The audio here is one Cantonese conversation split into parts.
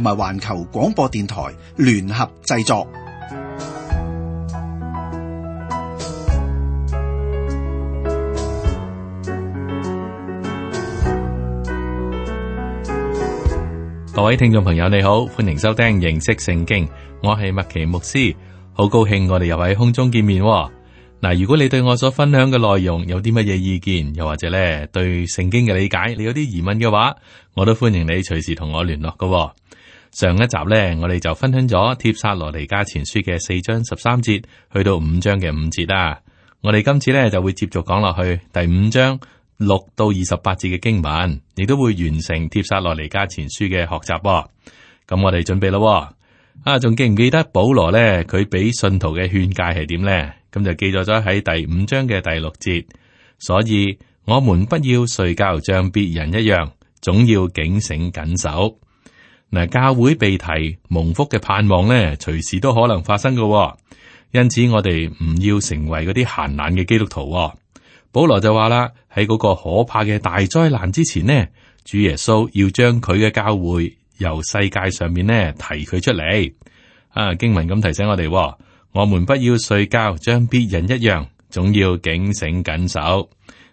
同埋環球廣播電台聯合製作。各位聽眾朋友，你好，歡迎收聽認識聖經。我係麥奇牧師，好高興我哋又喺空中見面。嗱，如果你對我所分享嘅內容有啲乜嘢意見，又或者咧對聖經嘅理解，你有啲疑問嘅話，我都歡迎你隨時同我聯絡㗎。上一集呢，我哋就分享咗帖撒羅尼迦前書嘅四章十三節去到五章嘅五節啦。我哋今次呢，就會接續講落去第五章六到二十八節嘅經文，亦都會完成帖撒羅尼迦前書嘅學習。咁我哋準備咯。啊，仲記唔記得保羅呢，佢俾信徒嘅勸誡係點呢？咁就記載在咗喺第五章嘅第六節。所以，我們不要睡覺，像別人一樣，總要警醒緊守。嗱，教會被提蒙福嘅盼望咧，隨時都可能發生噶。因此，我哋唔要成為嗰啲閒懶嘅基督徒。保羅就話啦：喺嗰個可怕嘅大災難之前呢，主耶穌要將佢嘅教會由世界上面咧提佢出嚟啊。經文咁提醒我哋，我們不要睡覺，像別人一樣，總要警醒緊守。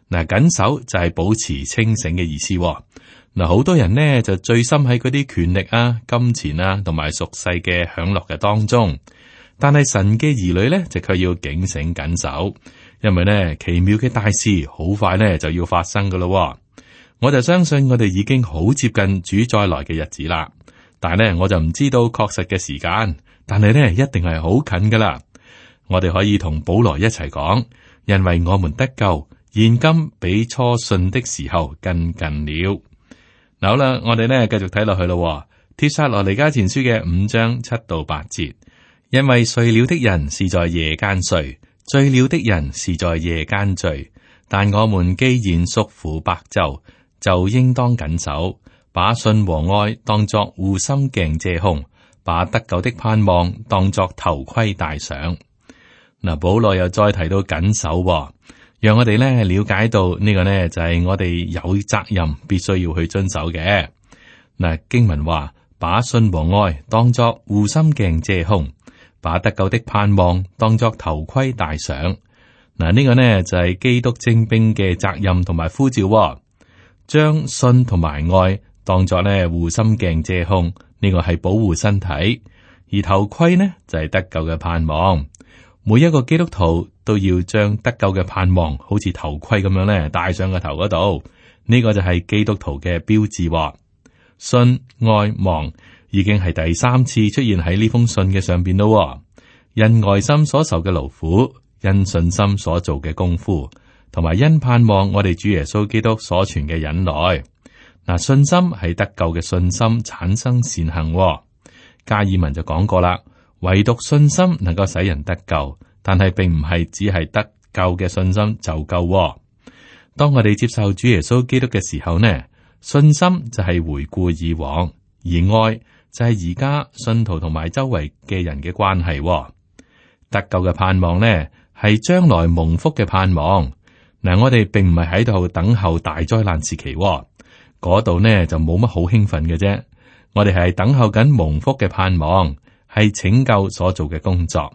嗱，緊守就係保持清醒嘅意思。嗱，好多人呢，就醉心喺嗰啲權力啊、金錢啊，同埋俗世嘅享樂嘅當中。但係神嘅兒女呢，就卻要警醒緊守，因為呢奇妙嘅大事好快呢就要發生噶咯。我就相信我哋已經好接近主再來嘅日子啦。但係呢，我就唔知道確實嘅時間，但係呢一定係好近噶啦。我哋可以同保羅一齊講，因為我們得救，現今比初信的時候更近了。好啦，我哋呢繼續睇落去咯、哦。帖撒羅尼迦前書嘅五章七到八節，因為睡了的人是在夜間睡，醉了的人是在夜間醉。但我們既然屬乎白晝，就應當謹守，把信和愛當作護心鏡遮胸，把得救的盼望當作頭盔戴上。嗱，保羅又再提到謹守、哦。讓我哋咧了解到呢、這個呢就係我哋有責任必須要去遵守嘅。嗱，經文話，把信和愛當作護心鏡遮胸，把得救的盼望當作頭盔戴上。嗱、這、呢個呢就係基督精兵嘅責任同埋呼召。將信同埋愛當作呢護心鏡遮胸，呢、這個係保護身體；而頭盔呢就係得救嘅盼望。每一個基督徒，都要將得救嘅盼望，好似頭盔咁樣咧，戴上個頭嗰度。呢個就係基督徒嘅標誌喎。信、愛、望已經係第三次出現喺呢封信嘅上邊咯、哦。因愛心所受嘅勞苦，因信心所做嘅功夫，同埋因盼望我哋主耶穌基督所存嘅忍耐。嗱，信心係得救嘅信心產生善行喎。加爾文就講過啦，唯獨信心能夠使人得救。但係並唔係只係得救嘅信心就夠哦。當我哋接受主耶穌基督嘅時候呢，信心就係回顧以往，而愛就係而家信徒同埋周圍嘅人嘅關係哦。得救嘅盼望呢，係將來蒙福嘅盼望。嗱，我哋並唔係喺度等候大災難時期，嗰度呢就冇乜好興奮嘅啫。我哋係等候緊蒙福嘅盼望，係拯救所做嘅工作。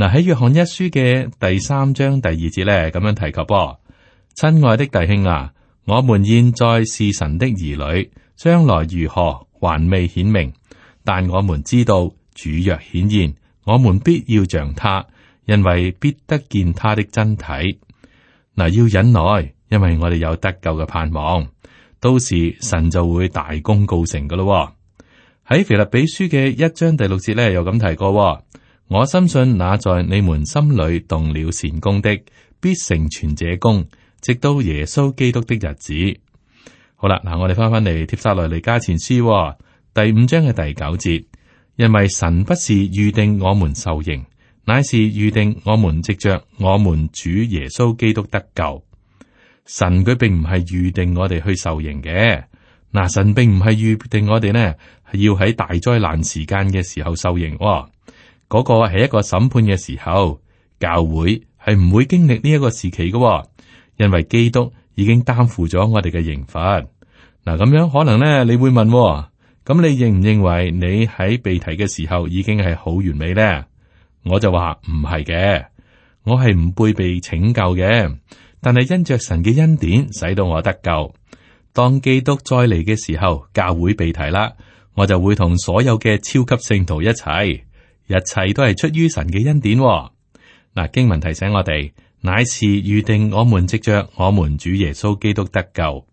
嗱，喺約翰一書嘅第三章第二節咧，咁樣提及噃、哦，親愛的弟兄啊，我們現在是神的兒女，將來如何還未顯明，但我們知道主若顯現，我們必要像他，因為必得見他的真體。嗱，要忍耐，因為我哋有得救嘅盼望，到時神就會大功告成噶咯、哦。喺腓立比書嘅一章第六節咧，又咁提過、哦。我深信那在你們心裏動了善工的，必成全這工，直到耶穌基督的日子。好啦，嗱我哋翻翻嚟帖撒羅尼迦前書、哦、第五章嘅第九節，因為神不是預定我們受刑，乃是預定我們藉着我們主耶穌基督得救。神佢並唔係預定我哋去受刑嘅，嗱神並唔係預定我哋呢，係要喺大災難時間嘅時候受刑、哦。嗰個係一個審判嘅時候，教會係唔會經歷呢一個時期噶、哦，因為基督已經擔負咗我哋嘅刑罰嗱。咁樣可能咧，你會問咁、哦，你認唔認為你喺被提嘅時候已經係好完美咧？我就話唔係嘅，我係唔會被拯救嘅，但係因着神嘅恩典，使到我得救。當基督再嚟嘅時候，教會被提啦，我就會同所有嘅超級聖徒一齊。一切都係出於神嘅恩典、哦。嗱，經文提醒我哋，乃是預定我們藉着我們主耶穌基督得救。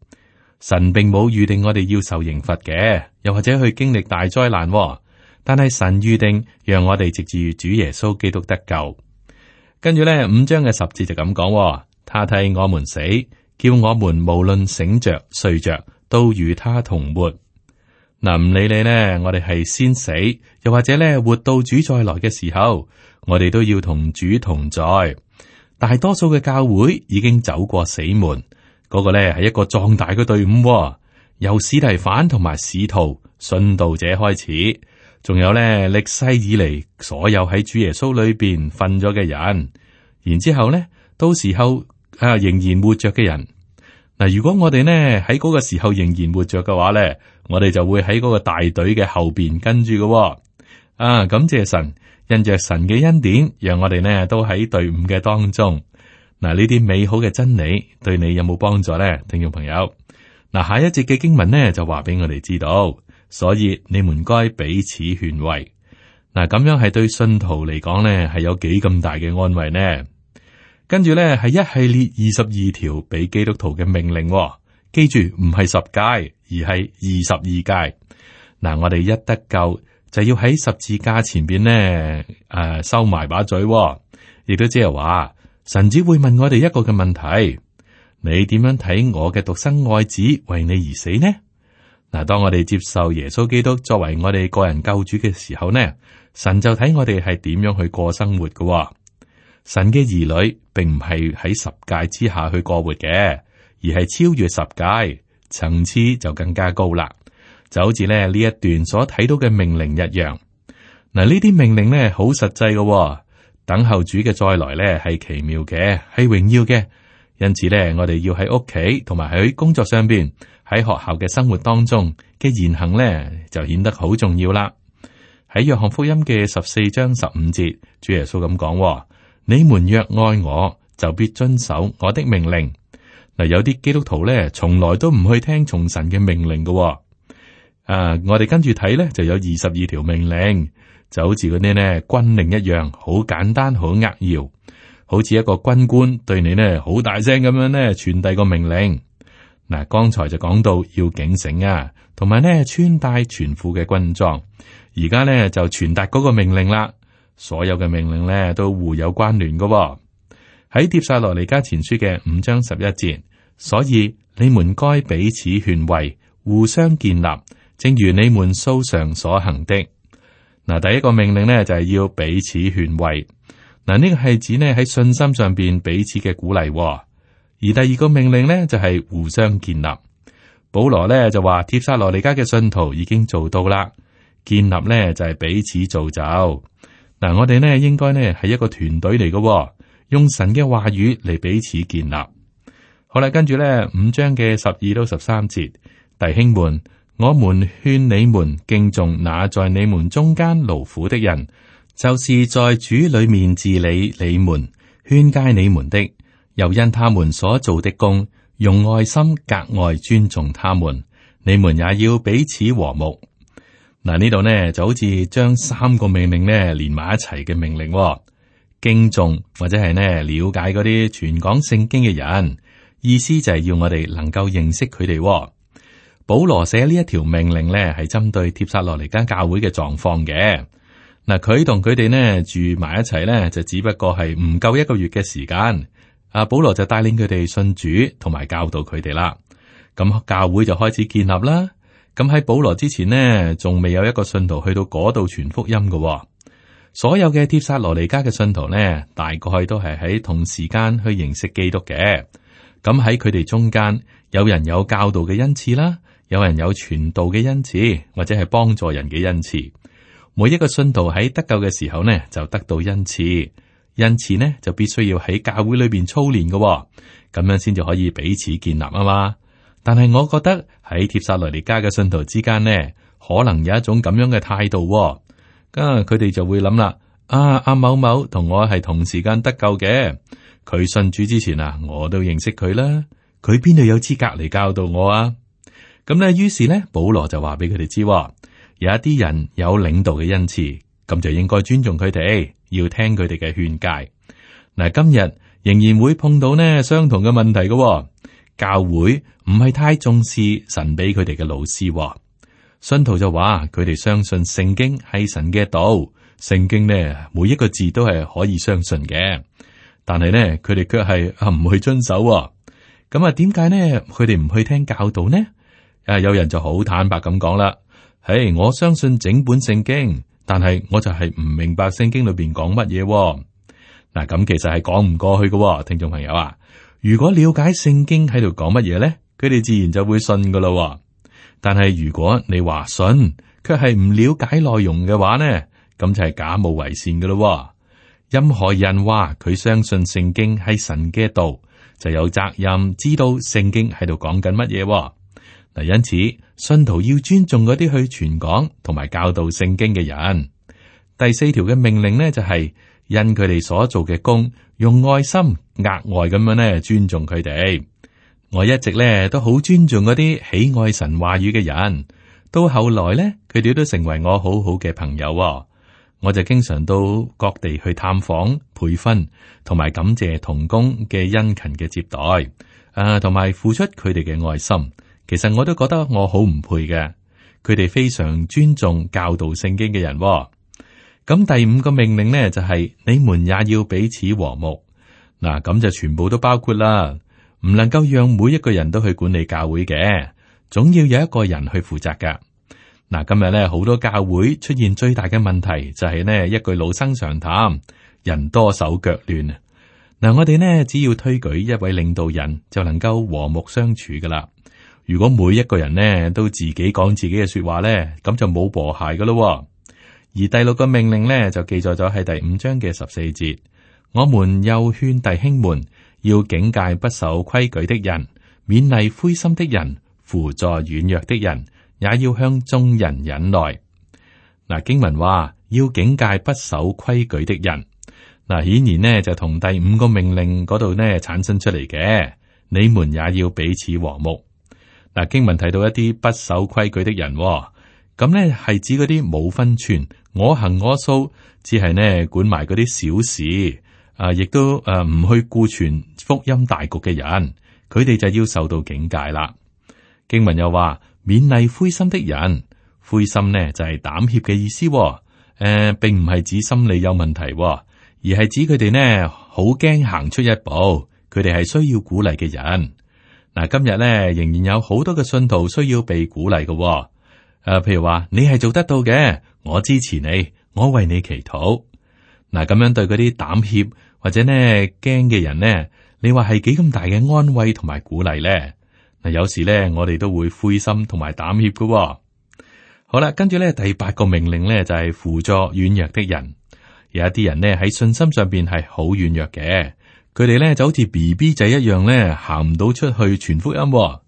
神並冇預定我哋要受刑罰嘅，又或者去經歷大災難、哦。但係神預定讓我哋藉住主耶穌基督得救。跟住咧，五章嘅十節就咁講、哦，他替我們死，叫我們無論醒着睡着，都與他同活。嗱唔、啊、理你咧，我哋係先死，又或者咧，活到主再來嘅時候，我哋都要同主同在。大多數嘅教會已經走過死門，嗰、那個咧係一個壯大嘅隊伍、哦，由史提反同埋使徒、信道者開始，仲有咧歷世以嚟所有喺主耶穌裏邊瞓咗嘅人，然之後咧，到時候啊仍然活着嘅人。嗱，如果我哋呢喺嗰個時候仍然活着嘅話呢，我哋就會喺嗰個大隊嘅後邊跟住嘅，哦。啊，感謝神，因着神嘅恩典，讓我哋呢都喺隊伍嘅當中。嗱，呢啲美好嘅真理對你有冇幫助呢？聽眾朋友？嗱，下一節嘅經文呢就話俾我哋知道，所以你們該彼此勸慰。嗱，咁樣係對信徒嚟講呢，係有幾咁大嘅安慰呢？跟住咧係一系列二十二條俾基督徒嘅命令、哦，記住唔係十誡而係二十二誡。嗱、嗯，我哋一得救就要喺十字架前邊呢誒、呃、收埋把嘴、哦。亦都即係話，神只會問我哋一個嘅問題：你點樣睇我嘅獨生愛子為你而死呢？嗱、嗯，當我哋接受耶穌基督作為我哋個人救主嘅時候呢，神就睇我哋係點樣去過生活嘅、哦。神嘅兒女並唔係喺十誡之下去過活嘅，而係超越十誡，層次就更加高啦。就好似咧呢一段所睇到嘅命令一樣，嗱呢啲命令咧好實際噶。等候主嘅再來咧係奇妙嘅，係榮耀嘅，因此咧我哋要喺屋企同埋喺工作上邊喺學校嘅生活當中嘅言行咧就顯得好重要啦。喺約翰福音嘅十四章十五節，主耶穌咁講。你們若愛我，就必遵守我的命令。嗱，有啲基督徒咧，從來都唔去聽從神嘅命令嘅哦。啊，我哋跟住睇咧，就有二十二條命令，就好似嗰啲咧軍令一樣，好簡單，好扼要，好似一個軍官對你呢好大聲咁樣咧傳遞個命令。嗱，剛才就講到要警醒啊，同埋咧穿戴全副嘅軍裝，而家咧就傳達嗰個命令啦。所有嘅命令咧，都互有關聯噶喎。喺《帖撒羅尼加前書》嘅五章十一節，所以你們該彼此勸慰，互相建立，正如你們素常所行的。嗱，第一個命令呢就係、是、要彼此勸慰嗱，呢個係指呢喺信心上邊彼此嘅鼓勵；而第二個命令呢就係、是、互相建立。保羅呢就話《帖撒羅尼加》嘅信徒已經做到啦，建立呢就係彼此造就。嗱，我哋呢應該呢係一個團隊嚟噶，用神嘅話語嚟彼此建立。好啦，跟住呢五章嘅十二到十三節，弟兄們，我們勸你們敬重那在你們中間勞苦的人，就是在主裏面治理你們、勸誡你們的，又因他們所做的工，用愛心格外尊重他們。你們也要彼此和睦。嗱，呢度呢就好似將三個命令呢連埋一齊嘅命令喎，敬重或者係呢，了解嗰啲全港聖經嘅人，意思就係要我哋能夠認識佢哋喎。保羅寫呢一條命令呢係針對帖撒羅尼迦教會嘅狀況嘅。嗱，佢同佢哋呢住埋一齊呢就只不過係唔夠一個月嘅時間，阿保羅就帶領佢哋信主同埋教導佢哋啦。咁教會就開始建立啦。咁喺保羅之前呢，仲未有一個信徒去到嗰度傳福音㗎喎。所有嘅帖撒羅尼迦嘅信徒呢，大概都係喺同時間去認識基督嘅。咁喺佢哋中間，有人有教導嘅恩賜啦，有人有傳道嘅恩賜，或者係幫助人嘅恩賜。每一個信徒喺得救嘅時候呢，就得到恩賜，恩賜呢，就必須要喺教會裏邊操練㗎喎，咁樣先就可以彼此建立啊嘛。但係我覺得喺帖撒羅尼加嘅信徒之間呢，可能有一種咁樣嘅態度喎，咁佢哋就會諗啦，啊阿某某同我係同時間得救嘅，佢信主之前啊，我都認識佢啦，佢邊度有資格嚟教導我啊？咁呢，於是呢，保羅就話俾佢哋知，有一啲人有領導嘅恩賜，咁就應該尊重佢哋，要聽佢哋嘅勸誡。嗱，今日仍然會碰到呢相同嘅問題嘅喎。教會唔係太重視神俾佢哋嘅老師、哦，信徒就話佢哋相信聖經係神嘅道，聖經呢，每一個字都係可以相信嘅，但係呢，佢哋卻係唔去遵守、哦。咁啊，點解呢？佢哋唔去聽教導呢？啊，有人就好坦白咁講啦，係我相信整本聖經，但係我就係唔明白聖經裏邊講乜嘢。嗱，咁其實係講唔過去㗎、哦，聽眾朋友啊。如果了解聖經喺度講乜嘢咧，佢哋自然就會信噶啦。但係如果你話信，卻係唔了解內容嘅話咧，咁就係假冒為善噶咯。任何人話佢相信聖經係神嘅道，就有責任知道聖經喺度講緊乜嘢。嗱，因此信徒要尊重嗰啲去傳講同埋教導聖經嘅人。第四條嘅命令咧，就是，就係因佢哋所做嘅工。用愛心額外咁樣咧尊重佢哋，我一直咧都好尊重嗰啲喜愛神話語嘅人，到後來咧佢哋都成為我好好嘅朋友喎。我就經常到各地去探訪、培訓，同埋感謝同工嘅殷勤嘅接待，啊，同埋付出佢哋嘅愛心。其實我都覺得我好唔配嘅，佢哋非常尊重教導聖經嘅人喎。咁第五個命令呢，就係、是、你們也要彼此和睦，嗱、啊、咁就全部都包括啦，唔能夠讓每一個人都去管理教會嘅，總要有一個人去負責噶。嗱、啊，今日呢，好多教會出現最大嘅問題就係呢一句老生常談，人多手腳亂。嗱，我哋呢，只要推舉一位領導人就能夠和睦相處噶啦。如果每一個人呢都自己講自己嘅說話呢，咁就冇和諧噶咯。而第六個命令呢，就記載咗喺第五章嘅十四節。我們又勸弟兄們要警戒不守規矩的人，勉勵灰心的人，扶助軟弱的人，也要向眾人忍耐。嗱，經文話要警戒不守規矩的人，嗱，顯然呢，就同第五個命令嗰度呢產生出嚟嘅。你們也要彼此和睦。嗱，經文睇到一啲不守規矩的人，哦。咁咧，係指嗰啲冇分寸，我行我素，只係呢管埋嗰啲小事，啊，亦都誒唔去顧全福音大局嘅人，佢哋就要受到警戒啦。經文又話勉勵灰心的人，灰心呢就係、是、膽怯嘅意思，哦，誒、呃，並唔係指心理有問題，哦，而係指佢哋呢好驚行出一步，佢哋係需要鼓勵嘅人。嗱、啊，今日咧仍然有好多嘅信徒需要被鼓勵嘅，哦。誒，譬如話你係做得到嘅，我支持你，我為你祈禱。嗱，咁樣對嗰啲膽怯或者呢驚嘅人呢，你話係幾咁大嘅安慰同埋鼓勵咧？嗱，有時咧我哋都會灰心同埋膽怯，噶、哦。好啦，跟住咧第八個命令咧就係、是、扶助軟弱的人。有一啲人咧喺信心上邊係好軟弱嘅，佢哋咧就好似 B B 仔一樣咧行唔到出去傳福音、哦。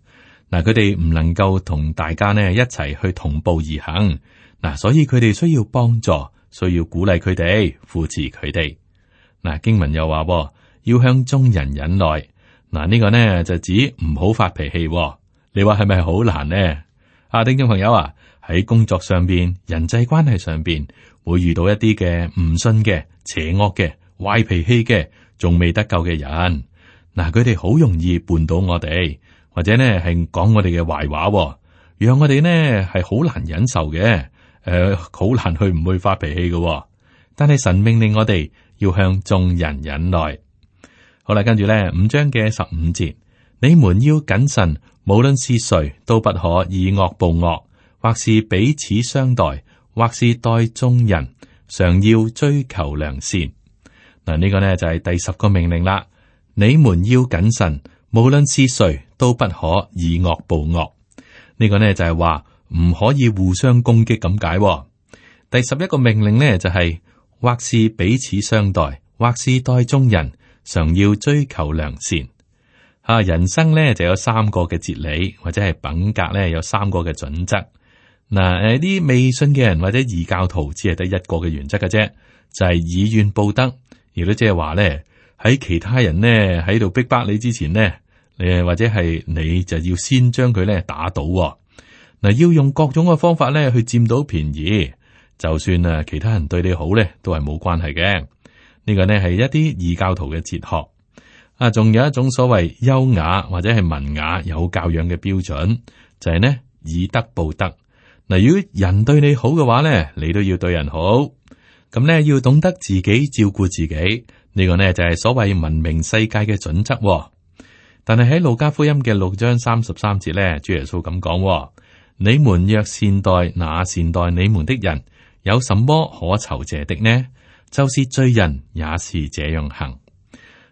嗱，佢哋唔能夠同大家呢一齊去同步而行，嗱，所以佢哋需要幫助，需要鼓勵佢哋，扶持佢哋。嗱，經文又話，要向眾人忍耐。嗱，呢個呢就指唔好發脾氣。你話係咪好難呢？啊，聽眾朋友啊，喺工作上邊、人際關係上邊，會遇到一啲嘅唔信嘅、邪惡嘅、壞脾氣嘅，仲未得救嘅人。嗱，佢哋好容易絆倒我哋。或者呢係講我哋嘅壞話，讓我哋呢係好難忍受嘅。誒、呃，好難去唔會發脾氣嘅。但係神命令我哋要向眾人忍耐。好啦，跟住咧五章嘅十五節，你們要謹慎，無論是誰，都不可以惡報惡，或是彼此相待，或是待眾人，常要追求良善。嗱，呢個呢就係、是、第十個命令啦。你們要謹慎，無論是誰。都不可以惡報惡，呢、這個呢就係話唔可以互相攻擊咁解。第十一個命令呢就係、是，或是彼此相待，或是待眾人，常要追求良善。啊，人生呢就有三個嘅哲理，或者係品格呢有三個嘅準則。嗱、呃，誒啲未信嘅人或者異教徒只係得一個嘅原則嘅啫，就係、是、以怨報德。亦都即係話呢喺其他人呢喺度逼迫你之前呢，誒，或者係你就要先將佢咧打倒嗱。哦，要用各種嘅方法咧去佔到便宜。就算啊，其他人對你好咧，都係冇關係嘅。呢個咧係一啲異教徒嘅哲學啊，仲有一種所謂優雅或者係文雅有教養嘅標準，就係咧以德報德嗱。如果人對你好嘅話咧，你都要對人好咁咧，要懂得自己照顧自己。呢個呢，就係所謂文明世界嘅準則喎。但係喺路加福音嘅六章三十三節咧，主耶穌咁講：你們若善待那善待你們的人，有什麼可酬謝的呢？就是罪人也是這樣行。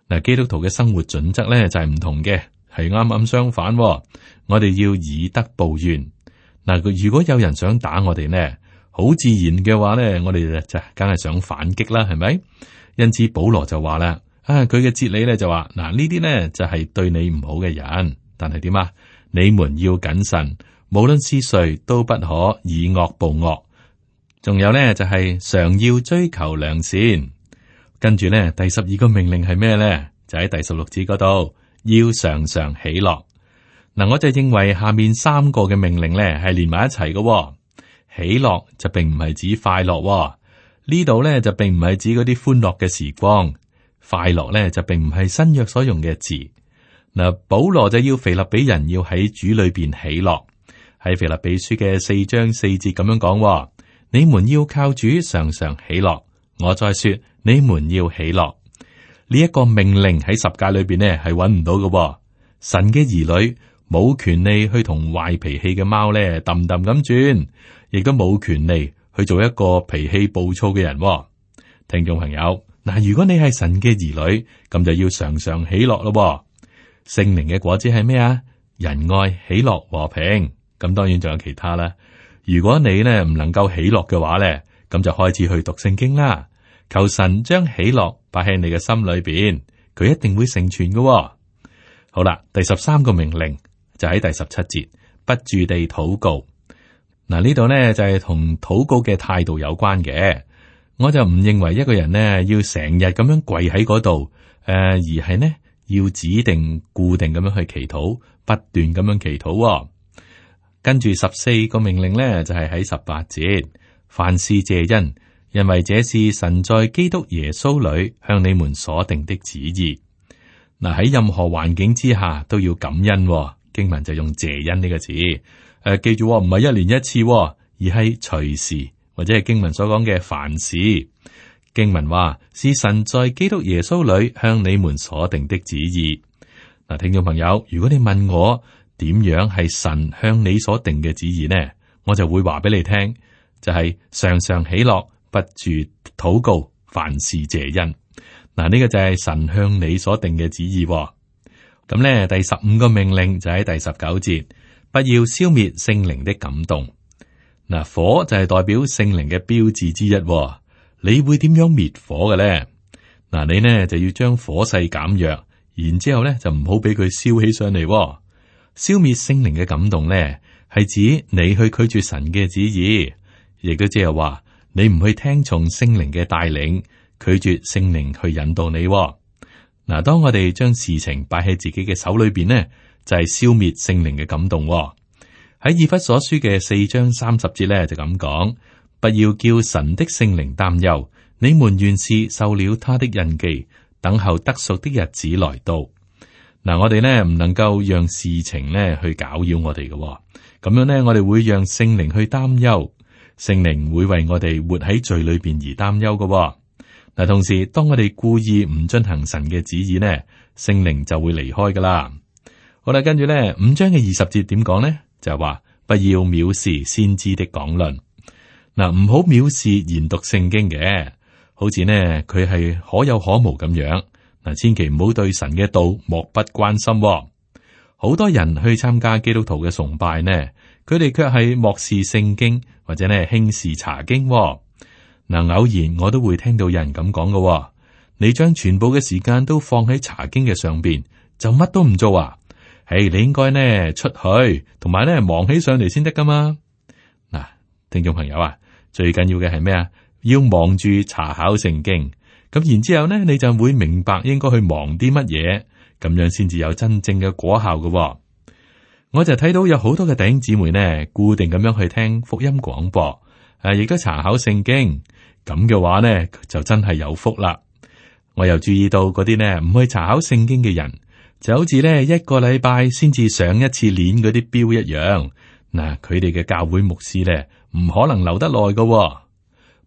嗱，基督徒嘅生活準則咧就係唔同嘅，係啱啱相反。我哋要以德報怨。嗱，如果有人想打我哋呢，好自然嘅話咧，我哋就梗係想反擊啦，係咪？因此保羅就話啦。啊！佢嘅哲理咧就話嗱，呢啲呢，就係、就是、對你唔好嘅人，但係點啊？你們要謹慎，無論是誰都不可以惡報惡。仲有呢，就係、是、常要追求良善。跟住呢，第十二個命令係咩呢？就喺第十六節嗰度，要常常喜樂。嗱，我就認為下面三個嘅命令呢，係連埋一齊嘅、哦。喜樂就並唔係指快樂喎，呢度呢，就並唔係指嗰啲歡樂嘅時光。快樂咧就並唔係新約所用嘅字，嗱，保羅就要腓立比人要喺主裏邊喜樂，喺腓立比書嘅四章四節咁樣講：你們要靠主常常喜樂。我再說，你們要喜樂。呢、這、一個命令喺十誡裏邊咧係揾唔到嘅。神嘅兒女冇權利去同壞脾氣嘅貓咧氹氹咁轉，亦都冇權利去做一個脾氣暴躁嘅人。聽眾朋友。嗱，如果你係神嘅兒女，咁就要常常喜樂咯。聖靈嘅果子係咩啊？仁愛、喜樂、和平，咁當然仲有其他啦。如果你呢唔能夠喜樂嘅話呢，咁就開始去讀聖經啦。求神將喜樂擺喺你嘅心裏邊，佢一定會成全嘅。好啦，第十三個命令就喺第十七節，不住地禱告。嗱，呢度呢就係同禱告嘅態度有關嘅。我就唔認為一個人呢要成日咁樣跪喺嗰度，誒、呃，而係呢要指定固定咁樣去祈禱，不斷咁樣祈禱，哦。跟住十四個命令呢就係喺十八節，凡事謝恩，因為這是神在基督耶穌裏向你們所定的旨意。嗱，呃、喺任何環境之下都要感恩，哦，經文就用謝恩呢個字。誒、呃，記住、哦、唔係一年一次，哦，而係隨時。或者係經文所講嘅凡事，經文話是神在基督耶穌裏向你們所定的旨意。嗱，聽眾朋友，如果你問我點樣係神向你所定嘅旨意呢？我就會話俾你聽，就係常常喜樂，不住禱告，凡事謝恩。嗱，呢個就係神向你所定嘅旨意。咁咧，第十五個命令就喺第十九節，不要消滅聖靈的感動。嗱，火就係代表聖靈嘅標誌之一喎，你會點樣滅火嘅咧？嗱，你呢就要將火勢減弱，然之後呢就唔好俾佢燒起上嚟喎。消滅聖靈嘅感動呢，係指你去拒絕神嘅旨意，亦都即係話你唔去聽從聖靈嘅帶領，拒絕聖靈去引導你喎。嗱，當我哋將事情擺喺自己嘅手裏邊呢，就係消滅聖靈嘅感動喎。喺以弗所書嘅四章三十節咧就咁講，不要叫神的聖靈擔憂，你們原是受了他的印記，等候得贖的日子來到。嗱、啊，我哋呢，唔能夠讓事情呢去攪擾我哋嘅，咁樣呢，我哋會讓聖靈去擔憂，聖靈會為我哋活喺罪裏邊而擔憂嘅。嗱、啊，同時當我哋故意唔進行神嘅旨意呢，聖靈就會離開噶啦。好啦，跟住呢，五章嘅二十節點講呢？就話不要藐視先知的講論。嗱，唔好藐視研讀聖經嘅，好似呢佢係可有可無咁樣，嗱，千祈唔好對神嘅道漠不關心。好多人去參加基督徒嘅崇拜呢，佢哋卻係漠視聖經或者呢輕視查經。嗱，偶然我都會聽到有人咁講噶，你將全部嘅時間都放喺查經嘅上邊，就乜都唔做啊？係、hey，你應該呢出去，同埋呢忙起上嚟先得噶嘛？嗱、啊，聽眾朋友啊，最緊要嘅係咩啊？要忙住查考聖經，咁然之後呢，你就會明白應該去忙啲乜嘢，咁樣先至有真正嘅果效嘅、哦。我就睇到有好多嘅弟兄姊妹呢，固定咁樣去聽福音廣播，誒，亦都查考聖經，咁嘅話呢，就真係有福啦。我又注意到嗰啲呢唔去查考聖經嘅人。就好似咧，一個禮拜先至上一次鏈嗰啲表一樣，嗱，佢哋嘅教會牧師咧唔可能留得耐噶。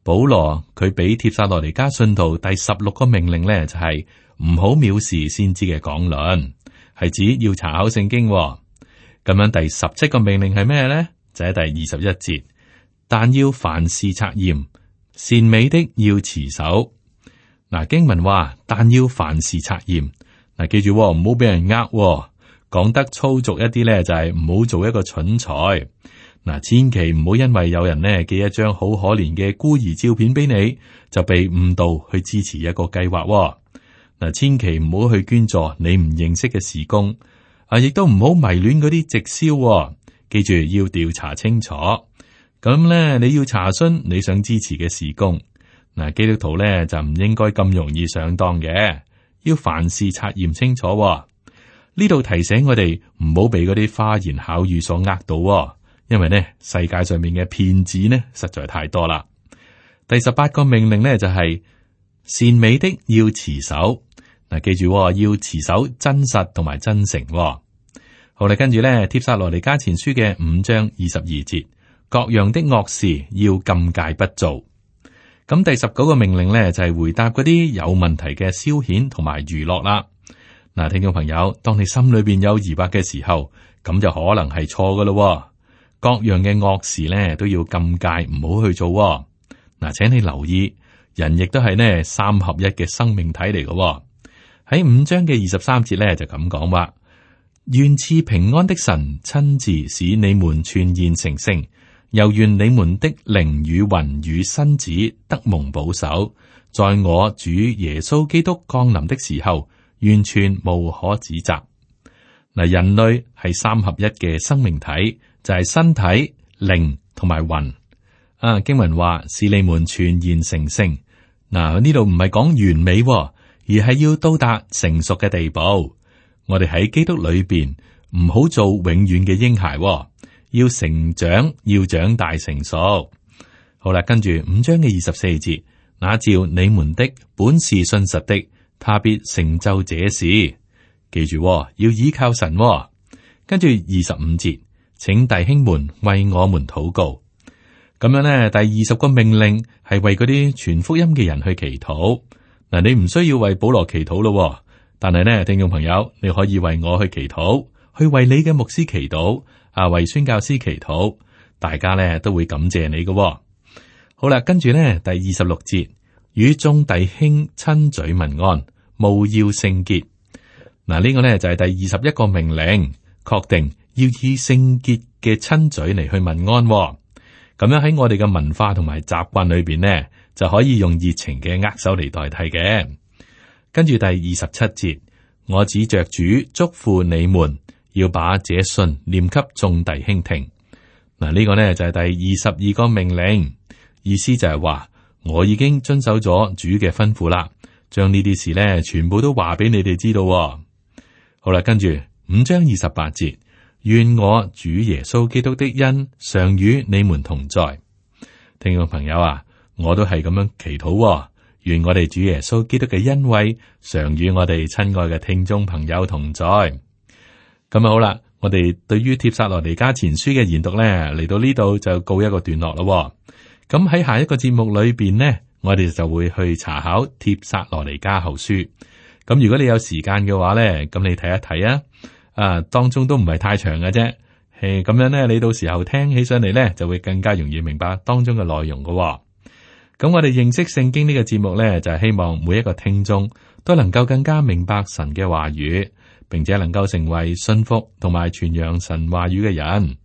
保羅佢俾帖撒羅尼迦信徒第十六個命令咧就係唔好藐視先知嘅講論，係指要查考聖經。咁樣第十七個命令係咩咧？就喺、是、第二十一節，但要凡事察驗，善美的要持守。嗱，經文話，但要凡事察驗。嗱，記住唔好俾人呃、哦，講得粗俗一啲咧，就係唔好做一個蠢材。嗱，千祈唔好因為有人呢寄一張好可憐嘅孤兒照片俾你，就被誤導去支持一個計劃。嗱，千祈唔好去捐助你唔認識嘅事工，啊，亦都唔好迷戀嗰啲直銷、哦。記住要調查清楚，咁咧你要查詢你想支持嘅事工。嗱，基督徒咧就唔應該咁容易上當嘅。要凡事察驗清楚、哦，呢度提醒我哋唔好畀嗰啲花言巧語所呃到、哦，因為呢世界上面嘅騙子呢實在太多啦。第十八個命令呢就係、是、善美的要持守，嗱、啊、記住、哦、要持守真實同埋真誠、哦。好啦，跟住呢帖撒羅尼迦前書嘅五章二十二節，各樣的惡事要禁戒不做。咁第十九個命令咧就係回答嗰啲有問題嘅消遣同埋娛樂啦。嗱，聽眾朋友，當你心裏邊有疑惑嘅時候，咁就可能係錯噶咯。各樣嘅惡事呢，都要禁戒，唔好去做。嗱，請你留意，人亦都係呢三合一嘅生命體嚟噶。喺五章嘅二十三節咧就咁講話，願賜平安的神親自使你們全然成聖。又願你們的靈與魂與身子得蒙保守，在我主耶穌基督降臨的時候，完全無可指責。嗱，人類係三合一嘅生命體，就係、是、身體、靈同埋魂。啊，經文話使你們全然成聖。嗱、啊，呢度唔係講完美，而係要到達成熟嘅地步。我哋喺基督裏邊唔好做永遠嘅嬰孩。啊要成長，要長大成熟。好啦，跟住五章嘅二十四節，那照你們的本是、信實的，他必成就這事。記住哦，要依靠神哦。跟住二十五節，請弟兄們為我們禱告。咁樣呢，第二十個命令係為嗰啲傳福音嘅人去祈禱嗱。你唔需要為保羅祈禱咯哦，但係呢，聽眾朋友，你可以為我去祈禱，去為你嘅牧師祈禱。啊，為宣教師祈禱，大家咧都會感謝你嘅。好啦，跟住咧第二十六節，與眾弟兄親嘴問安，務要聖潔。嗱、這個，呢個咧就係、是、第二十一個命令，確定要以聖潔嘅親嘴嚟去問安、哦。咁樣喺我哋嘅文化同埋習慣裏邊呢，就可以用熱情嘅握手嚟代替嘅。跟住第二十七節，我只指着主祝福你們，要把這信念給眾弟兄聽，嗱、這、呢個呢就係、是、第二十二個命令，意思就係話我已經遵守咗主嘅吩咐啦，將呢啲事呢全部都話俾你哋知道。好啦，跟住五章二十八節，願我主耶穌基督的恩常與你們同在。聽眾朋友啊，我都係咁樣祈禱、哦，願我哋主耶穌基督嘅恩惠常與我哋親愛嘅聽眾朋友同在。咁啊好啦，我哋對於帖撒羅尼迦前書嘅研讀呢，嚟到呢度就告一個段落咯，哦。咁喺下一個節目裏邊呢，我哋就會去查考帖撒羅尼迦後書。咁如果你有時間嘅話呢，咁你睇一睇啊。啊，當中都唔係太長嘅啫。誒，咁樣呢，你到時候聽起上嚟呢，就會更加容易明白當中嘅內容噶，哦。咁我哋認識聖經呢個節目呢，就係、是、希望每一個聽眾都能夠更加明白神嘅話語。並且能夠成為信福，同埋傳揚神話語嘅人。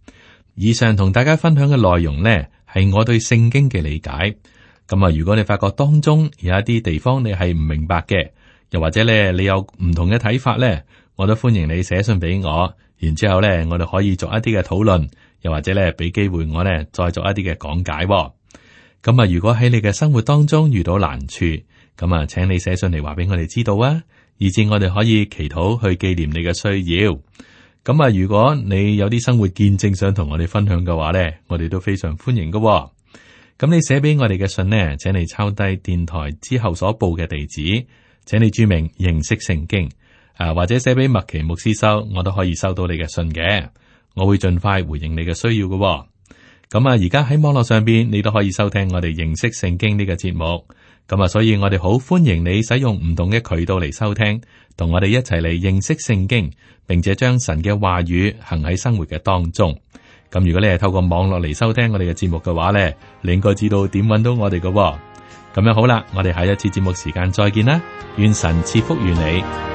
以上同大家分享嘅內容呢，係我對聖經嘅理解。咁啊，如果你發覺當中有一啲地方你係唔明白嘅，又或者咧你有唔同嘅睇法呢，我都歡迎你寫信俾我。然之後咧，我哋可以作一啲嘅討論，又或者咧俾機會我呢，再作一啲嘅講解。咁啊，如果喺你嘅生活當中遇到難處，咁啊，請你寫信嚟話俾我哋知道啊。以至我哋可以祈禱去紀念你嘅需要。咁啊，如果你有啲生活見證想同我哋分享嘅話呢，我哋都非常歡迎嘅哦。咁你寫俾我哋嘅信呢，請你抄低電台之後所報嘅地址，請你注明認識聖經啊，或者寫俾麥奇牧師收，我都可以收到你嘅信嘅。我會盡快回應你嘅需要嘅哦。咁啊，而家喺網絡上邊，你都可以收聽我哋認識聖經呢個節目。咁啊，所以我哋好歡迎你使用唔同嘅渠道嚟收聽，同我哋一齊嚟認識聖經，並且將神嘅話語行喺生活嘅當中。咁如果你係透過網絡嚟收聽我哋嘅節目嘅話呢，你應該知道點揾到我哋噶喎。咁樣好啦，我哋下一次節目時間再見啦，願神賜福於你。